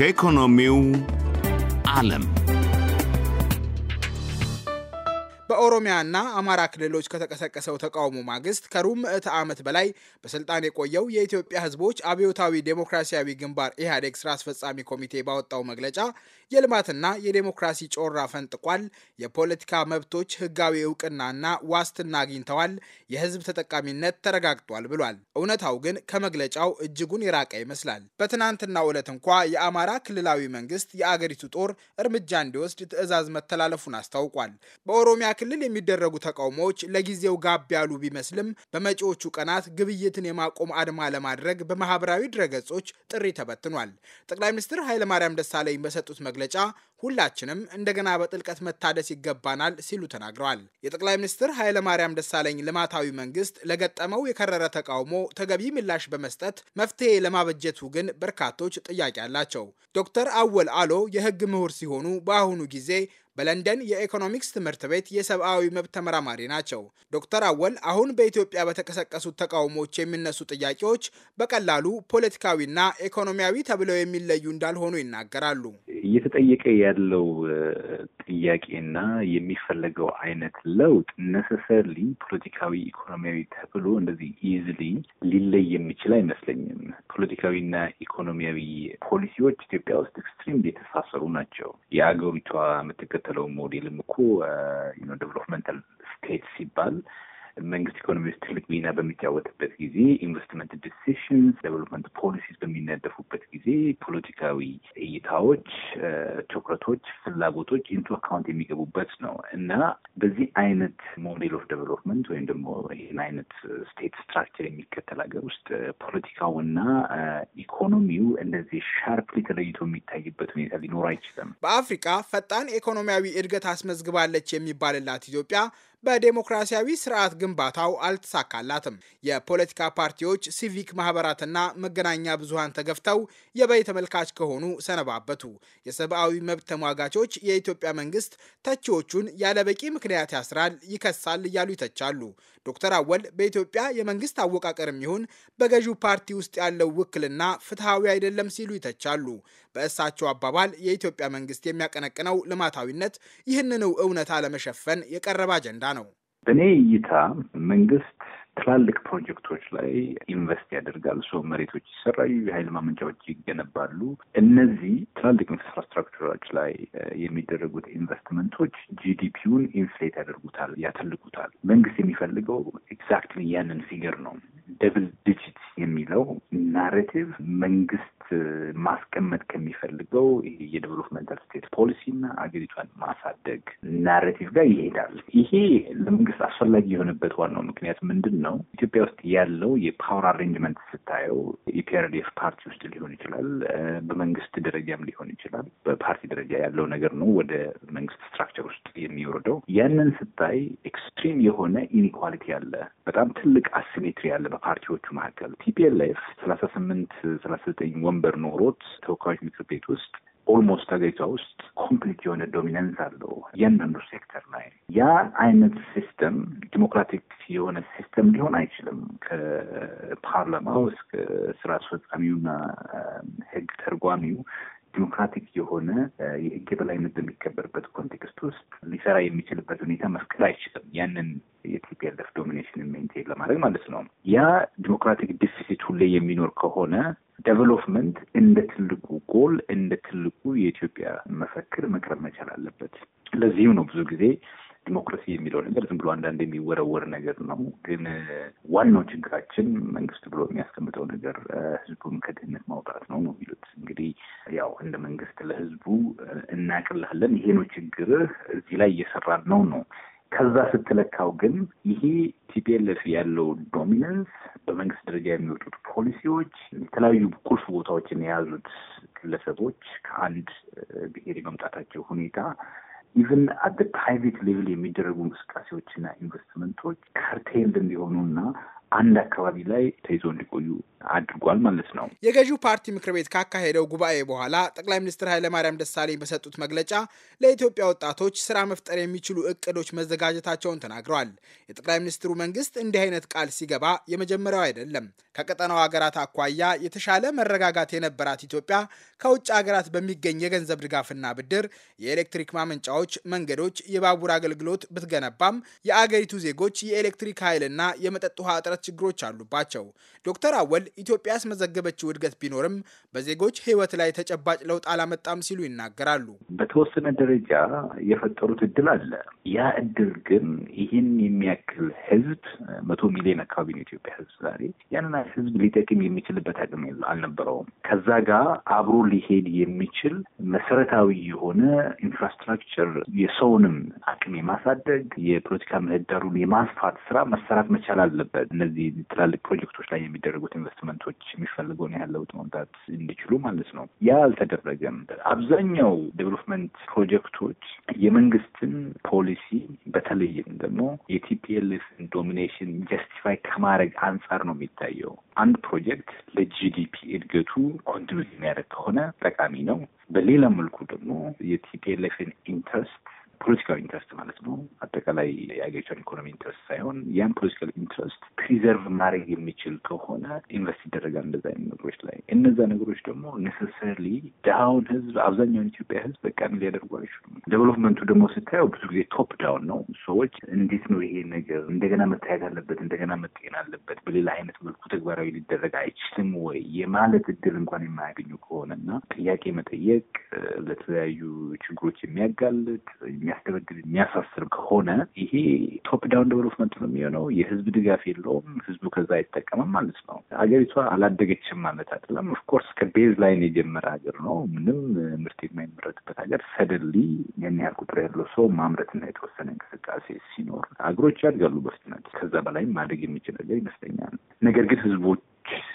ከኢኮኖሚው ዓለም በኦሮሚያና አማራ ክልሎች ከተቀሰቀሰው ተቃውሞ ማግስት ከሩብ ምዕተ ዓመት በላይ በስልጣን የቆየው የኢትዮጵያ ሕዝቦች አብዮታዊ ዴሞክራሲያዊ ግንባር ኢህአዴግ ስራ አስፈጻሚ ኮሚቴ ባወጣው መግለጫ የልማትና የዴሞክራሲ ጮራ ፈንጥቋል፣ የፖለቲካ መብቶች ህጋዊ እውቅናና ዋስትና አግኝተዋል፣ የህዝብ ተጠቃሚነት ተረጋግጧል ብሏል። እውነታው ግን ከመግለጫው እጅጉን የራቀ ይመስላል። በትናንትናው ዕለት እንኳ የአማራ ክልላዊ መንግስት የአገሪቱ ጦር እርምጃ እንዲወስድ ትዕዛዝ መተላለፉን አስታውቋል። በኦሮሚያ ክልል የሚደረጉ ተቃውሞዎች ለጊዜው ጋብ ያሉ ቢመስልም በመጪዎቹ ቀናት ግብይትን የማቆም አድማ ለማድረግ በማህበራዊ ድረገጾች ጥሪ ተበትኗል። ጠቅላይ ሚኒስትር ኃይለማርያም ደሳለኝ በሰጡት መግለጫ ሁላችንም እንደገና በጥልቀት መታደስ ይገባናል ሲሉ ተናግረዋል። የጠቅላይ ሚኒስትር ኃይለማርያም ደሳለኝ ልማታዊ መንግስት ለገጠመው የከረረ ተቃውሞ ተገቢ ምላሽ በመስጠት መፍትሄ ለማበጀቱ ግን በርካቶች ጥያቄ አላቸው። ዶክተር አወል አሎ የህግ ምሁር ሲሆኑ በአሁኑ ጊዜ በለንደን የኢኮኖሚክስ ትምህርት ቤት የሰብአዊ መብት ተመራማሪ ናቸው። ዶክተር አወል አሁን በኢትዮጵያ በተቀሰቀሱት ተቃውሞዎች የሚነሱ ጥያቄዎች በቀላሉ ፖለቲካዊና ኢኮኖሚያዊ ተብለው የሚለዩ እንዳልሆኑ ይናገራሉ። እየተጠየቀ ያለው ጥያቄና የሚፈለገው አይነት ለውጥ ነሰሰርሊ ፖለቲካዊ፣ ኢኮኖሚያዊ ተብሎ እንደዚህ ኢዝሊ ሊለይ የሚችል አይመስለኝም። ፖለቲካዊና ኢኮኖሚያዊ ፖሊሲዎች ኢትዮጵያ ውስጥ ኤክስትሪም የተሳሰሩ ናቸው። የአገሪቷ የምትከተለው ሞዴልም እኮ ዴቨሎፕመንታል ስቴት ሲባል መንግስት ኢኮኖሚ ውስጥ ትልቅ ሚና በሚጫወትበት ጊዜ ኢንቨስትመንት ዲሲሽንስ፣ ዴቨሎፕመንት ፖሊሲስ በሚነደፉበት ጊዜ ፖለቲካዊ እይታዎች፣ ትኩረቶች፣ ፍላጎቶች ኢንቱ አካውንት የሚገቡበት ነው እና በዚህ አይነት ሞዴል ኦፍ ዴቨሎፕመንት ወይም ደግሞ ይህን አይነት ስቴት ስትራክቸር የሚከተል ሀገር ውስጥ ፖለቲካውና ኢኮኖሚው እንደዚህ ሻርፕሊ ተለይቶ የሚታይበት ሁኔታ ሊኖር አይችልም። በአፍሪካ ፈጣን ኢኮኖሚያዊ እድገት አስመዝግባለች የሚባልላት ኢትዮጵያ በዴሞክራሲያዊ ስርዓት ግንባታው አልተሳካላትም። የፖለቲካ ፓርቲዎች፣ ሲቪክ ማህበራትና መገናኛ ብዙሃን ተገፍተው የበይ ተመልካች ከሆኑ ሰነባበቱ። የሰብአዊ መብት ተሟጋቾች የኢትዮጵያ መንግስት ተቺዎቹን ያለበቂ ምክንያት ያስራል፣ ይከሳል እያሉ ይተቻሉ። ዶክተር አወል በኢትዮጵያ የመንግስት አወቃቀርም ይሁን በገዢው ፓርቲ ውስጥ ያለው ውክልና ፍትሐዊ አይደለም ሲሉ ይተቻሉ። በእሳቸው አባባል የኢትዮጵያ መንግስት የሚያቀነቅነው ልማታዊነት ይህንኑ እውነታ ለመሸፈን የቀረበ አጀንዳ ነው። በእኔ እይታ መንግስት ትላልቅ ፕሮጀክቶች ላይ ኢንቨስት ያደርጋል። ሰው መሬቶች ይሰራዩ፣ የሀይል ማመንጫዎች ይገነባሉ። እነዚህ ትላልቅ ኢንፍራስትራክቸሮች ላይ የሚደረጉት ኢንቨስትመንቶች ጂዲፒውን ኢንፍሌት ያደርጉታል፣ ያተልቁታል። መንግስት የሚፈልገው ኤግዛክትሊ ያንን ፊገር ነው። ደብል ዲጂት የሚለው ናሬቲቭ መንግስት ማስቀመጥ ከሚፈልገው የዴቨሎፕመንታል ስቴት እና አገሪቷን ማሳደግ ናሬቲቭ ጋር ይሄዳል። ይሄ ለመንግስት አስፈላጊ የሆነበት ዋናው ምክንያት ምንድን ነው? ኢትዮጵያ ውስጥ ያለው የፓወር አሬንጅመንት ስታየው ኢፒአርዲኤፍ ፓርቲ ውስጥ ሊሆን ይችላል፣ በመንግስት ደረጃም ሊሆን ይችላል። በፓርቲ ደረጃ ያለው ነገር ነው ወደ መንግስት ስትራክቸር ውስጥ የሚወርደው። ያንን ስታይ ኤክስትሪም የሆነ ኢኒኳሊቲ አለ፣ በጣም ትልቅ አሲሜትሪ አለ በፓርቲዎቹ መካከል ቲፒኤልኤፍ ሰላሳ ስምንት ሰላሳ ዘጠኝ ወን ወንበር ኖሮት ተወካዮች ምክር ቤት ውስጥ ኦልሞስት ሀገሪቷ ውስጥ ኮምፕሊት የሆነ ዶሚነንስ አለው እያንዳንዱ ሴክተር ላይ። ያ አይነት ሲስተም ዲሞክራቲክ የሆነ ሲስተም ሊሆን አይችልም። ከፓርላማው እስከ ስራ አስፈጻሚውና ህግ ተርጓሚው ዲሞክራቲክ የሆነ የህግ የበላይነት በሚከበርበት ኮንቴክስት ውስጥ ሊሰራ የሚችልበት ሁኔታ መፍቀድ አይችልም። ያንን የቲፒኤልኤፍ ዶሚኔሽን ሜንቴን ለማድረግ ማለት ነው። ያ ዲሞክራቲክ ዲፊሲት ሁሌ የሚኖር ከሆነ ዴቨሎፕመንት እንደ ትልቁ ጎል እንደ ትልቁ የኢትዮጵያ መፈክር መቅረብ መቻል አለበት። ለዚህም ነው ብዙ ጊዜ ዲሞክራሲ የሚለው ነገር ዝም ብሎ አንዳንድ የሚወረወር ነገር ነው። ግን ዋናው ችግራችን መንግስት ብሎ የሚያስቀምጠው ነገር ህዝቡን ከድህነት ማውጣት ነው ነው የሚሉት። እንግዲህ ያው እንደ መንግስት ለህዝቡ እናቅልሃለን፣ ይሄ ነው ችግርህ፣ እዚህ ላይ እየሰራን ነው ነው ከዛ ስትለካው ግን ይሄ ቲፒኤልኤፍ ያለው ዶሚነንስ በመንግስት ደረጃ የሚወጡት ፖሊሲዎች የተለያዩ ቁልፍ ቦታዎችን የያዙት ግለሰቦች ከአንድ ብሔር የመምጣታቸው ሁኔታ ኢቨን አት ፕራይቬት ሌቭል የሚደረጉ እንቅስቃሴዎችና ኢንቨስትመንቶች እንዲሆኑ እንዲሆኑና አንድ አካባቢ ላይ ተይዞ እንዲቆዩ አድርጓል ማለት ነው። የገዢው ፓርቲ ምክር ቤት ካካሄደው ጉባኤ በኋላ ጠቅላይ ሚኒስትር ኃይለማርያም ደሳለኝ በሰጡት መግለጫ ለኢትዮጵያ ወጣቶች ስራ መፍጠር የሚችሉ እቅዶች መዘጋጀታቸውን ተናግረዋል። የጠቅላይ ሚኒስትሩ መንግስት እንዲህ አይነት ቃል ሲገባ የመጀመሪያው አይደለም። ከቀጠናው ሀገራት አኳያ የተሻለ መረጋጋት የነበራት ኢትዮጵያ ከውጭ ሀገራት በሚገኝ የገንዘብ ድጋፍና ብድር የኤሌክትሪክ ማመንጫዎች፣ መንገዶች፣ የባቡር አገልግሎት ብትገነባም የአገሪቱ ዜጎች የኤሌክትሪክ ኃይልና የመጠጥ ውሃ እጥረት የመፍታት ችግሮች አሉባቸው። ዶክተር አወል ኢትዮጵያ ያስመዘገበችው እድገት ቢኖርም በዜጎች ሕይወት ላይ ተጨባጭ ለውጥ አላመጣም ሲሉ ይናገራሉ። በተወሰነ ደረጃ የፈጠሩት እድል አለ። ያ እድል ግን ይህን የሚያክል ሕዝብ መቶ ሚሊዮን አካባቢ ነው ኢትዮጵያ ሕዝብ ዛሬ ያንን ሕዝብ ሊጠቅም የሚችልበት አቅም አልነበረውም። ከዛ ጋር አብሮ ሊሄድ የሚችል መሰረታዊ የሆነ ኢንፍራስትራክቸር የሰውንም አቅም የማሳደግ የፖለቲካ ምህዳሩን የማስፋት ስራ መሰራት መቻል አለበት። እነዚህ ትላልቅ ፕሮጀክቶች ላይ የሚደረጉት ኢንቨስትመንቶች የሚፈልገውን ያህል ለውጥ መምጣት እንዲችሉ ማለት ነው። ያ አልተደረገም። አብዛኛው ዴቨሎፕመንት ፕሮጀክቶች የመንግስትን ፖሊሲ በተለይም ደግሞ የቲፒኤልኤፍን ዶሚኔሽን ጀስቲፋይ ከማድረግ አንጻር ነው የሚታየው። አንድ ፕሮጀክት ለጂዲፒ እድገቱ ኮንትሪቢዩት የሚያደርግ ከሆነ ጠቃሚ ነው። በሌላ መልኩ ደግሞ የቲፒኤልኤፍን ኢንትረስት ፖለቲካዊ ኢንትረስት ማለት ነው። አጠቃላይ የአገሪቷን ኢኮኖሚ ኢንትረስት ሳይሆን ያን ፖለቲካል ኢንትረስት ፕሪዘርቭ ማድረግ የሚችል ከሆነ ኢንቨስት ይደረጋል እንደዛ አይነት ነገሮች ላይ። እነዛ ነገሮች ደግሞ ኔሰሰርሊ ዳውን ህዝብ አብዛኛውን ኢትዮጵያ ህዝብ በቃ ሊያደርጉ አይችሉም። ዴቨሎፕመንቱ ደግሞ ስታየው ብዙ ጊዜ ቶፕ ዳውን ነው። ሰዎች እንዴት ነው ይሄ ነገር እንደገና መታየት አለበት፣ እንደገና መጤን አለበት፣ በሌላ አይነት መልኩ ተግባራዊ ሊደረግ አይችልም ወይ የማለት እድል እንኳን የማያገኙ ከሆነ እና ጥያቄ መጠየቅ ለተለያዩ ችግሮች የሚያጋልጥ የሚያስደበድብ የሚያሳስር ከሆነ ይሄ ቶፕ ዳውን ዴቨሎፕመንት ነው የሚሆነው። የህዝብ ድጋፍ የለውም። ህዝቡ ከዛ አይጠቀምም ማለት ነው። ሀገሪቷ አላደገችም ማለት አይደለም። ኦፍኮርስ ከቤዝ ላይን የጀመረ ሀገር ነው። ምንም ምርት የማይመረትበት ሀገር ሰደንሊ ያን ያህል ቁጥር ያለው ሰው ማምረትና የተወሰነ እንቅስቃሴ ሲኖር አገሮች ያድጋሉ በፍጥነት። ከዛ በላይም ማደግ የሚችል ነገር ይመስለኛል። ነገር ግን ህዝቦች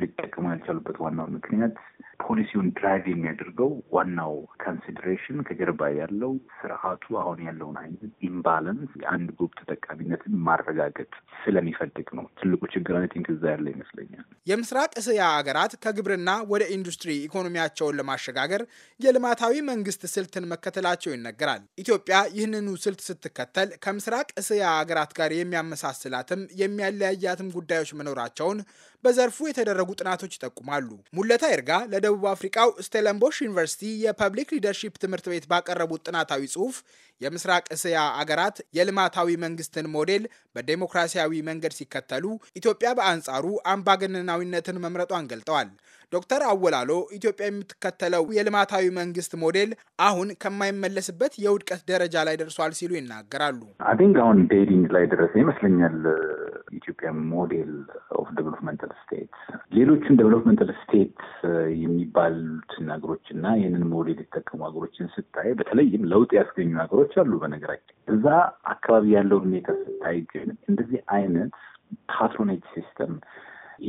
ሊጠቀሙ ያልቻሉበት ዋናው ምክንያት ፖሊሲውን ድራይቭ የሚያደርገው ዋናው ኮንሲደሬሽን ከጀርባ ያለው ስርዓቱ አሁን ያለውን አይነት ኢምባላንስ የአንድ ግሩፕ ተጠቃሚነትን ማረጋገጥ ስለሚፈልግ ነው። ትልቁ ችግር አይ ቲንክ እዛ ያለ ይመስለኛል። የምስራቅ እስያ ሀገራት ከግብርና ወደ ኢንዱስትሪ ኢኮኖሚያቸውን ለማሸጋገር የልማታዊ መንግስት ስልትን መከተላቸው ይነገራል። ኢትዮጵያ ይህንኑ ስልት ስትከተል ከምስራቅ እስያ ሀገራት ጋር የሚያመሳስላትም የሚያለያያትም ጉዳዮች መኖራቸውን በዘርፉ የተደረጉ ጥናቶች ይጠቁማሉ። ሙለታ ይርጋ ለደቡብ አፍሪካው ስቴለንቦሽ ዩኒቨርሲቲ የፐብሊክ ሊደርሺፕ ትምህርት ቤት ባቀረቡት ጥናታዊ ጽሑፍ የምስራቅ እስያ አገራት የልማታዊ መንግስትን ሞዴል በዴሞክራሲያዊ መንገድ ሲከተሉ ኢትዮጵያ በአንጻሩ አምባገነናዊነትን መምረጧን ገልጠዋል። ዶክተር አወላሎ ኢትዮጵያ የምትከተለው የልማታዊ መንግስት ሞዴል አሁን ከማይመለስበት የውድቀት ደረጃ ላይ ደርሷል ሲሉ ይናገራሉ። አይ ቲንክ አሁን ዴዲንግ ላይ ደረሰ ይመስለኛል። ኢትዮጵያ ሞዴል ኦፍ ዴቨሎፕመንታል ስቴት ሌሎችን ዴቨሎፕመንታል ስቴት የሚባሉት ሀገሮች እና ይህንን ሞዴል የተጠቀሙ ሀገሮችን ስታይ በተለይም ለውጥ ያስገኙ ሀገሮች አሉ። በነገራችን እዛ አካባቢ ያለው ሁኔታ ስታይ ግን እንደዚህ አይነት ፓትሮኔጅ ሲስተም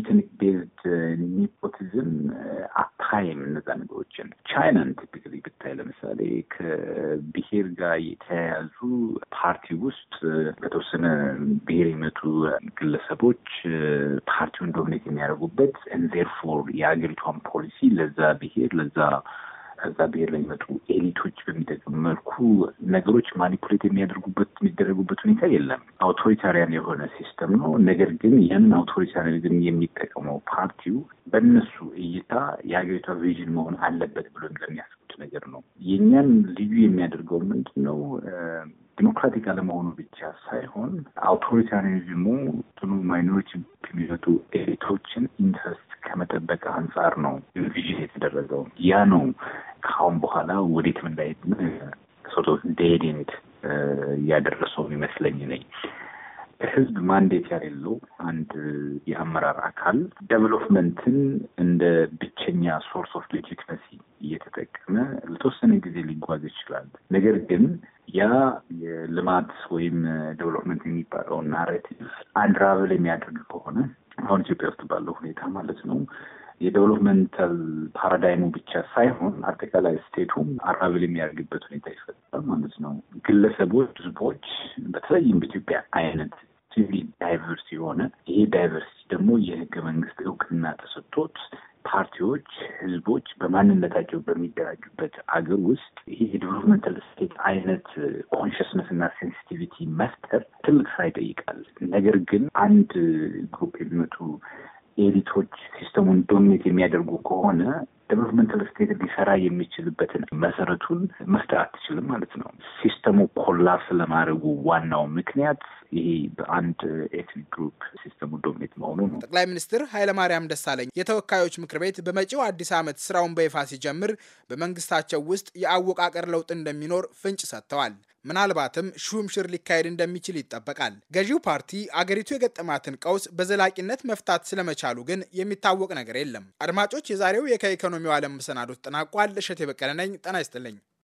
ኢትኒክ ቤዝድ ኒፖቲዝም አታይም እነዛ ነገሮችን። ቻይናን ትክክል ብታይ ለምሳሌ ከብሄር ጋር የተያያዙ ፓርቲ ውስጥ በተወሰነ ብሄር የመጡ ግለሰቦች ፓርቲውን ዶሚኔት የሚያደርጉበት እንዜርፎር የሀገሪቷን ፖሊሲ ለዛ ብሄር ለዛ ከዛ ብሔር ላይ ኤሊቶች በሚጠቅም መልኩ ነገሮች ማኒፑሌት የሚያደርጉበት የሚደረጉበት ሁኔታ የለም። አውቶሪታሪያን የሆነ ሲስተም ነው። ነገር ግን ያንን አውቶሪታሪያኒዝም የሚጠቅመው ፓርቲው በእነሱ እይታ የሀገሪቷ ቪዥን መሆን አለበት ብሎ ለሚያስቡት ነገር ነው። የእኛን ልዩ የሚያደርገው ምንድን ነው? ዲሞክራቲክ አለመሆኑ ብቻ ሳይሆን አውቶሪታሪዝሙ ትኑ ማይኖሪቲ ከሚመጡ ኤሊቶችን ኢንትረስት ከመጠበቅ አንጻር ነው ቪዥን የተደረገው። ያ ነው ከአሁን በኋላ ወዴትም እንዳይት ሶቶ ዴድንት ያደረሰው ይመስለኝ ነኝ። ህዝብ ማንዴት ያሌለው አንድ የአመራር አካል ዴቨሎፕመንትን እንደ ብቸኛ ሶርስ ኦፍ ሌጂትመሲ እየተጠቀመ ለተወሰነ ጊዜ ሊጓዝ ይችላል። ነገር ግን ያ የልማት ወይም ዴቨሎፕመንት የሚባለው ናሬቲቭ አንድራብል የሚያደርግ ከሆነ አሁን ኢትዮጵያ ውስጥ ባለው ሁኔታ ማለት ነው የዴቨሎፕመንታል ፓራዳይሙ ብቻ ሳይሆን አጠቃላይ ስቴቱም አራብል የሚያደርግበት ሁኔታ ይፈጠራል ማለት ነው። ግለሰቦች፣ ህዝቦች በተለይም በኢትዮጵያ አይነት ሲቪል ዳይቨርስ የሆነ ይሄ ዳይቨርሲቲ ደግሞ የህገ መንግስት እውቅና ተሰጥቶት ፓርቲዎች፣ ህዝቦች በማንነታቸው በሚደራጁበት አገር ውስጥ ይህ የዲቨሎፕመንታል ስቴት አይነት ኮንሽስነስ እና ሴንሲቲቪቲ መፍጠር ትልቅ ስራ ይጠይቃል። ነገር ግን አንድ ግሩፕ የሚመጡ ኤሊቶች ሲስተሙን ዶሚኔት የሚያደርጉ ከሆነ ደቨሎፕመንታል ስቴት ሊሰራ የሚችልበትን መሰረቱን መፍጠር አትችልም ማለት ነው። ሲስተሙ ኮላፕስ ለማድረጉ ዋናው ምክንያት ይሄ በአንድ ኤትኒክ ግሩፕ ሲስተሙ ዶሜት መሆኑ ነው። ጠቅላይ ሚኒስትር ኃይለማርያም ደሳለኝ የተወካዮች ምክር ቤት በመጪው አዲስ ዓመት ስራውን በይፋ ሲጀምር በመንግስታቸው ውስጥ የአወቃቀር ለውጥ እንደሚኖር ፍንጭ ሰጥተዋል። ምናልባትም ሹም ሽር ሊካሄድ እንደሚችል ይጠበቃል። ገዢው ፓርቲ አገሪቱ የገጠማትን ቀውስ በዘላቂነት መፍታት ስለመቻሉ ግን የሚታወቅ ነገር የለም። አድማጮች፣ የዛሬው የከኢኮኖሚው ዓለም መሰናዶ ተጠናቋል። እሸቴ በቀለ ነኝ። ጤና ይስጥልኝ።